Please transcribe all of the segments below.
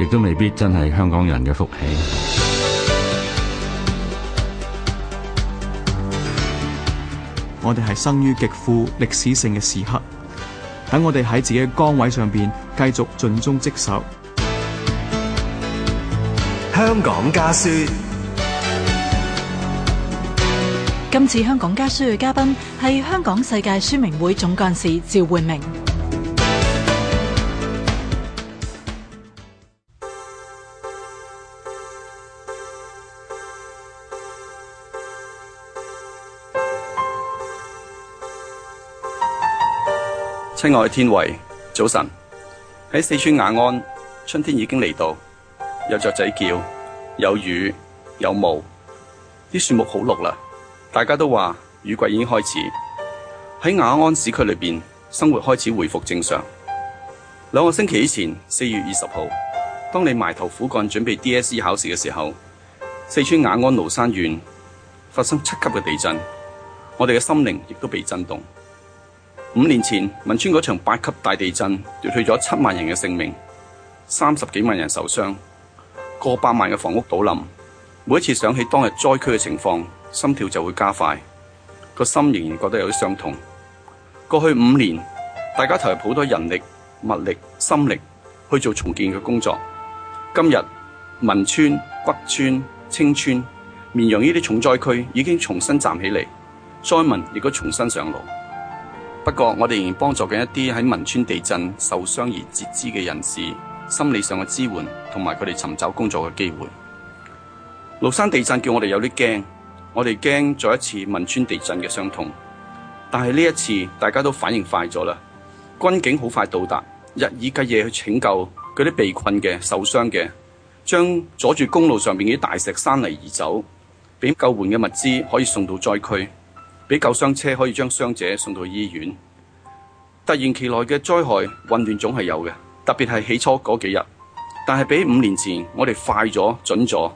亦都未必真係香港人嘅福氣。我哋係生於極富歷史性嘅時刻，等我哋喺自己嘅崗位上邊繼續盡忠職守。香港家書。今次香港家書嘅嘉賓係香港世界宣明會總幹事趙煥明。親愛的天慧，早晨。喺四川雅安，春天已經嚟到，有雀仔叫，有雨，有霧，啲樹木好綠啦。大家都話雨季已經開始。喺雅安市區裏邊，生活開始回復正常。兩個星期以前，四月二十號，當你埋頭苦幹準備 DSE 考試嘅時候，四川雅安蘆山縣發生七級嘅地震，我哋嘅心靈亦都被震動。五年前，汶川嗰場八級大地震奪去咗七萬人嘅性命，三十幾萬人受傷，過百萬嘅房屋倒冧。每一次想起當日災區嘅情況，心跳就會加快，個心仍然覺得有啲傷痛。過去五年，大家投入好多人力、物力、心力去做重建嘅工作。今日，汶川、北川、青川、綿陽呢啲重災區已經重新站起嚟，災民亦都重新上路。不過我哋仍然幫助緊一啲喺汶川地震受傷而截肢嘅人士，心理上嘅支援同埋佢哋尋找工作嘅機會。蘆山地震叫我哋有啲驚，我哋驚再一次汶川地震嘅傷痛。但係呢一次大家都反應快咗啦，軍警好快到達，日以繼夜去拯救嗰啲被困嘅、受傷嘅，將阻住公路上邊嘅大石山泥移走，俾救援嘅物資可以送到災區，俾救傷車可以將傷者送到去醫院。突然其來嘅災害，混亂總係有嘅，特別係起初嗰幾日。但係比五年前我哋快咗、準咗。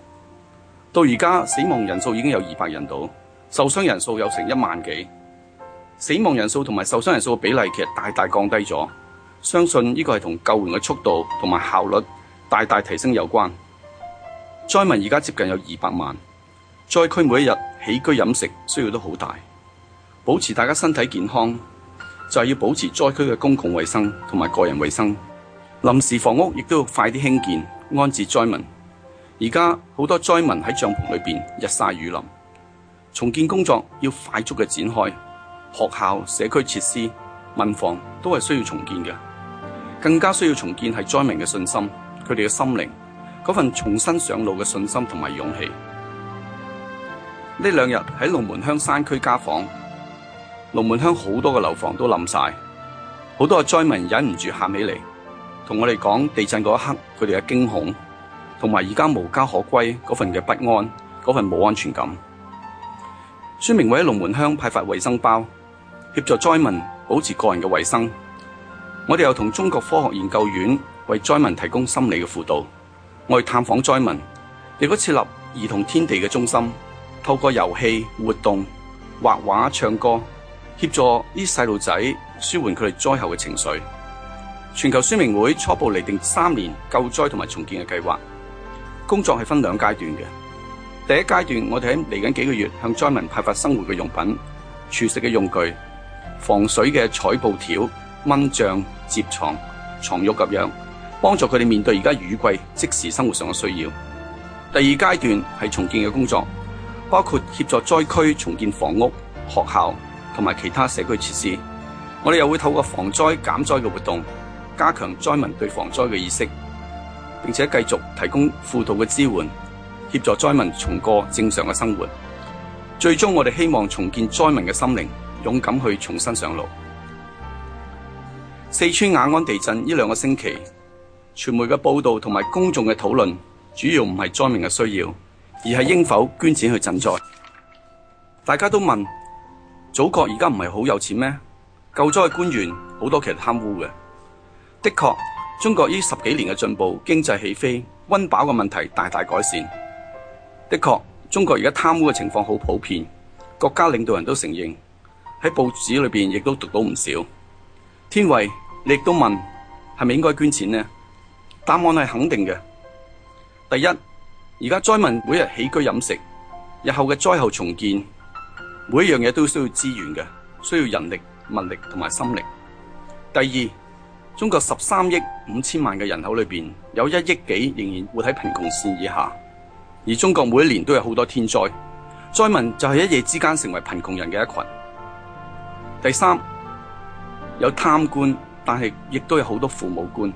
到而家死亡人數已經有二百人度，受傷人數有成一萬幾。死亡人數同埋受傷人數嘅比例其實大大降低咗，相信呢個係同救援嘅速度同埋效率大大提升有關。災民而家接近有二百萬，災區每一日起居飲食需要都好大。保持大家身體健康，就係要保持災區嘅公共衛生同埋個人衛生。臨時房屋亦都要快啲興建，安置災民。而家好多災民喺帳篷裏面日曬雨淋，重建工作要快速嘅展開。學校、社區設施、民房都係需要重建嘅，更加需要重建係災民嘅信心，佢哋嘅心靈，嗰份重新上路嘅信心同埋勇氣。呢兩日喺龍門鄉山區家訪。龍門鄉好多嘅樓房都冧晒，好多嘅災民忍唔住喊起嚟，同我哋講地震嗰一刻佢哋嘅驚恐，同埋而家無家可歸嗰份嘅不安，嗰份冇安全感。宣明會喺龍門鄉派發衛生包，協助災民保持個人嘅衛生。我哋又同中國科學研究院為災民提供心理嘅輔導，我哋探訪災民，亦都設立兒童天地嘅中心，透過遊戲、活動、畫畫、唱歌。協助啲細路仔舒緩佢哋災後嘅情緒。全球宣明會初步擬定三年救災同埋重建嘅計劃，工作係分兩階段嘅。第一階段，我哋喺嚟緊幾個月向災民派發生活嘅用品，儲食嘅用具，防水嘅彩布條，蚊帳，接床，床褥咁樣，幫助佢哋面對而家雨季即時生活上嘅需要。第二階段係重建嘅工作，包括協助災區重建房屋、學校，同埋其他社區設施，我哋又會透過防災減災嘅活動，加強災民對防災嘅意識，並且繼續提供輔導嘅支援，協助災民重過正常嘅生活。最終，我哋希望重建災民嘅心靈，勇敢去重新上路。四川雅安地震呢兩個星期，傳媒嘅報道同埋公眾嘅討論，主要唔係災民嘅需要，而係應否捐錢去賑災。大家都問。祖國而家唔係好有錢咩？救災官員好多其實貪污嘅。的確，中國呢十幾年嘅進步，經濟起飛，溫飽嘅問題大大改善。的確，中國而家貪污嘅情況好普遍，國家領導人都承認，喺報紙裏面亦都讀到唔少。天衛，你亦都問係咪應該捐錢呢？答案係肯定嘅。第一，而家災民每日起居飲食，日後嘅災後重建。每一樣嘢都需要資源嘅，需要人力、物力同埋心力。第二，中國十三億五千萬嘅人口裏邊，有一億幾仍然活喺貧窮綫以下。而中國每一年都有好多天災，災民就係一夜之間成為貧窮人嘅一群。第三，有貪官，但係亦都有好多父母官。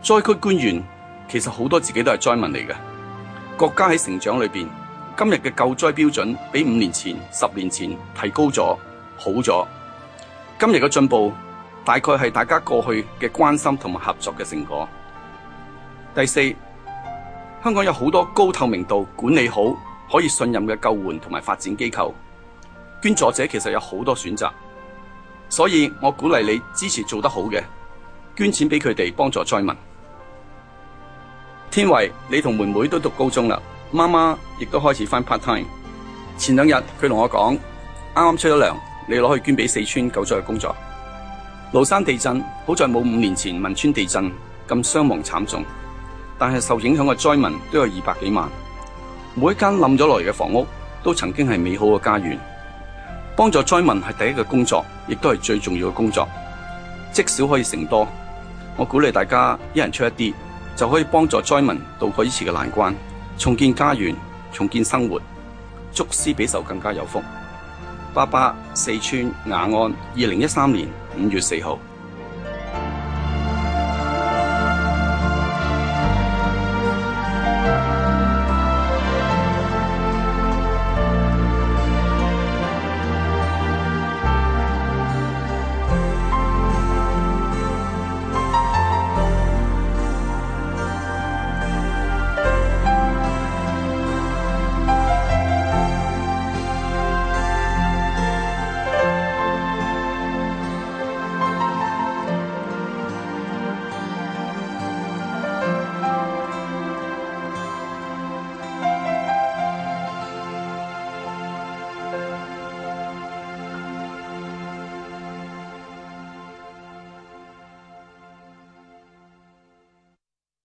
災區官員其實好多自己都係災民嚟嘅，國家喺成長裏邊。今日嘅救災標準比五年前、十年前提高咗，好咗。今日嘅進步，大概係大家過去嘅關心同埋合作嘅成果。第四，香港有好多高透明度、管理好、可以信任嘅救援同埋發展機構，捐助者，其實有好多選擇，所以我鼓勵你支持做得好嘅，捐錢俾佢哋幫助災民。天慧，你同妹妹都讀高中啦。媽媽亦都開始翻 part time。前兩日佢同我講，啱啱出咗糧，你攞去捐俾四川救災嘅工作。蘆山地震好在冇五年前汶川地震咁傷亡慘重，但係受影響嘅災民都有二百幾萬。每一間冧咗落嚟嘅房屋都曾經係美好嘅家園，幫助災民係第一個工作，亦都係最重要嘅工作。積少可以成多，我鼓勵大家一人出一啲，就可以幫助災民渡過呢次嘅難關。重建家園，重建生活，祝施比受更加有福。八八四川雅安，二零一三年五月四號。